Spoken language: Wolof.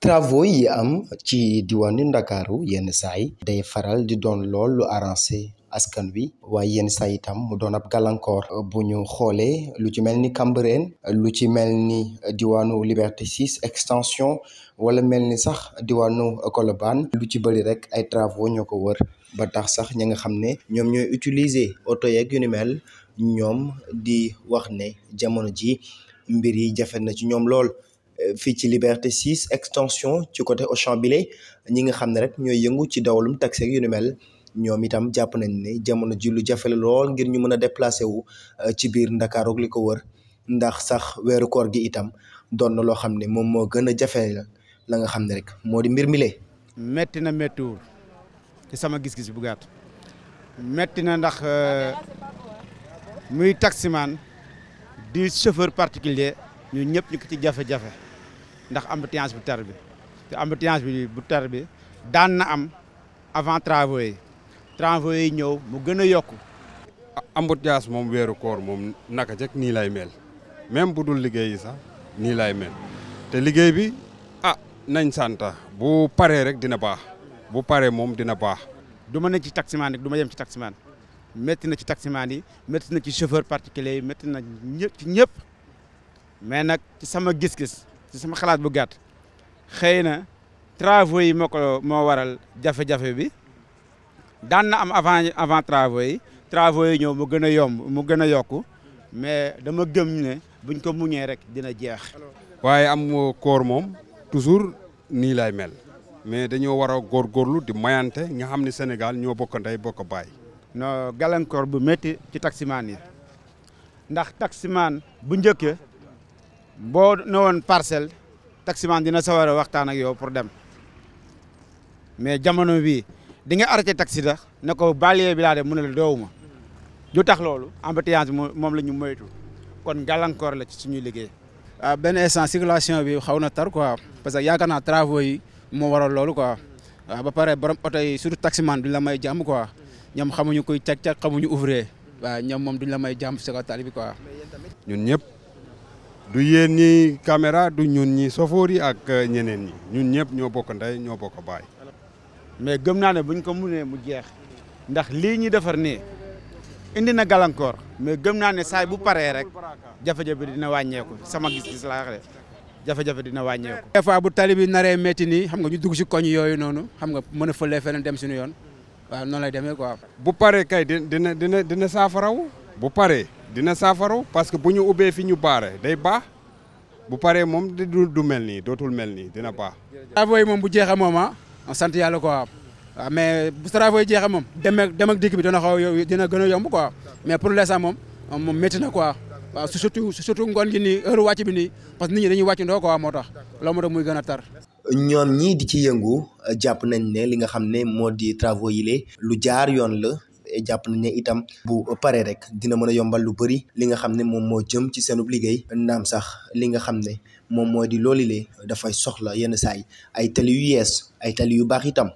travaux yi am ci diwaanu Ndakaaru yenn saay day faral di doon lool lu arrangé askan wi waaye yenn saa itam mu doon ab gàllankoor buñu xoolee lu ci mel ni Cambérène lu ci mel ni diwaanu Liberté 6 extension wala melni sax diwaanu Colobane lu ci bari rek ay travaux ñoo ko wër ba tax sax ñi nga xam ne ñoom ñooy utiliser oto yeeg yu mel ñoom di wax ne jamono ji mbir yi jafe na ci ñoom lool eh, fii ci Liberté 6 extension ci côté Auchan bile ñi nga xam ne rek ñooy yëngu ci dawalum taxi ak yu ni mel ñoom itam jàpp nañ ne jamono ji lu jafe lool ngir ñu mën a déplacé wu eh, ci biir Ndakaaru li ko wër ndax sax weeru koor gi itam doon na loo xam ne moom moo gën a jafe la la nga xam ne rek moo di mbir mi metti na méttiwul ci sama gis-gis bu gàtt metti na ndax eh, muy taximaan di chauffeur particulier ñu ñëpp ñu ko ci jafe-jafe ndax embouteillage bu tar bi te embouteillage bi bu tar bi daan na am avant travaux yi yi ñëw mu gën a yokk yokku embouteillage moom weeru koor moom naka jëkk nii lay mel même bu dul liggéey sax nii lay mel te liggéey bi ah nañ santa bu paree rek dina baax bu paree moom dina baax du ma ne ci taximaan rek du ma yem ci taximaan métti na ci taximaan yi métti na ci chauffeur particulier yi métti na ci ñëpp mais nag ci sama gis-gis ci sama xalaat bu gàtt xëy na travaux yi moo ko moo waral jafe-jafe bi daan na am avant avant travaux yi travaux yi ñëw mu gën a yomb mu gën a yokku mais dama gëm ne buñ ko mu muñee rek dina jeex. waaye am koor moom toujours nii lay mel mais dañoo war a góorgóorlu di mayante nga xam ne Sénégal ñoo bokk ndey bokk baay. no gàllankoor bu métti ci taximaan yi ndax taximaan bu njëkke boo ne woon parcelle taximaan dina sawar a waxtaan ak yow pour dem mais jamono bii di nga arrêté taxi da ne ko banlieue bi laa dem mu ne la doowuma du tax loolu embouteillage bi moom la ñu moytu kon gàllankoor la ci suñuy liggéey. ah benn instant circulation bi xaw na tar quoi parce que yaakaar naa travaux yi moo waral loolu quoi waaw ah, ba pare borom oto yi surtout taximaan bi la may jàmm quoi. ñoom xamuñu kuy cag-cag xamuñu ouvrier waaw ñoom moom duñ la may jàmm si kaw tali bi quoi. ñun ñëpp du yéen ñi kamera du ñun ñi sofoor yi ak euh, ñeneen ñi ñun ñëpp ñoo bokk ndey ñoo bokk baay. mais gëm naa ne buñ ko munee mu jeex ndax lii ñuy defar nii indi na gàllankoor mais gëm naa ne saay bu paree rek jafe-jafe na wàññeeku sama gis-gis laa wax de jafe-jafe dina wàññeeku. des fois bu tali bi naree métti nii xam nga ñu dugg si koñ yooyu noonu xam nga mën a fëlee feneen dem suñu yoon. waa noonu lay demee quoi. bu paree kay dina dina dina saafaraw bu paree dina saafaraw parce que bu ñu ubbee fi ñu baare day baax bu paree moom di du mel nii dootul mel nii dina baax. travaux yi moom bu jeexee moom a ah, sant yàlla quoi waaw mais bu travaux yi jeexee moom dem ak dem ak dikk bi dina xaw a dina gën a yomb quoi mais pour l'instant moom moom métti na quoi. waaw surtout surtout ngoon gi nii heure wàcc bi nii parce que nit ñi dañu wàcc ndoo quoi moo tax loolu moo tax muy gën a tar ñoom ñii di ci yëngu jàpp nañ ne li nga xam ne moo di travaux yi le lu jaar yoon la jàpp nañ ne itam bu paree rek dina mën a yombal lu bëri li nga xam ne moom moo jëm ci seenub liggéey naam sax li nga xam ne moom mooy di loolu le dafay soxla yenn saay ay tali yu yees ay tali yu baax itam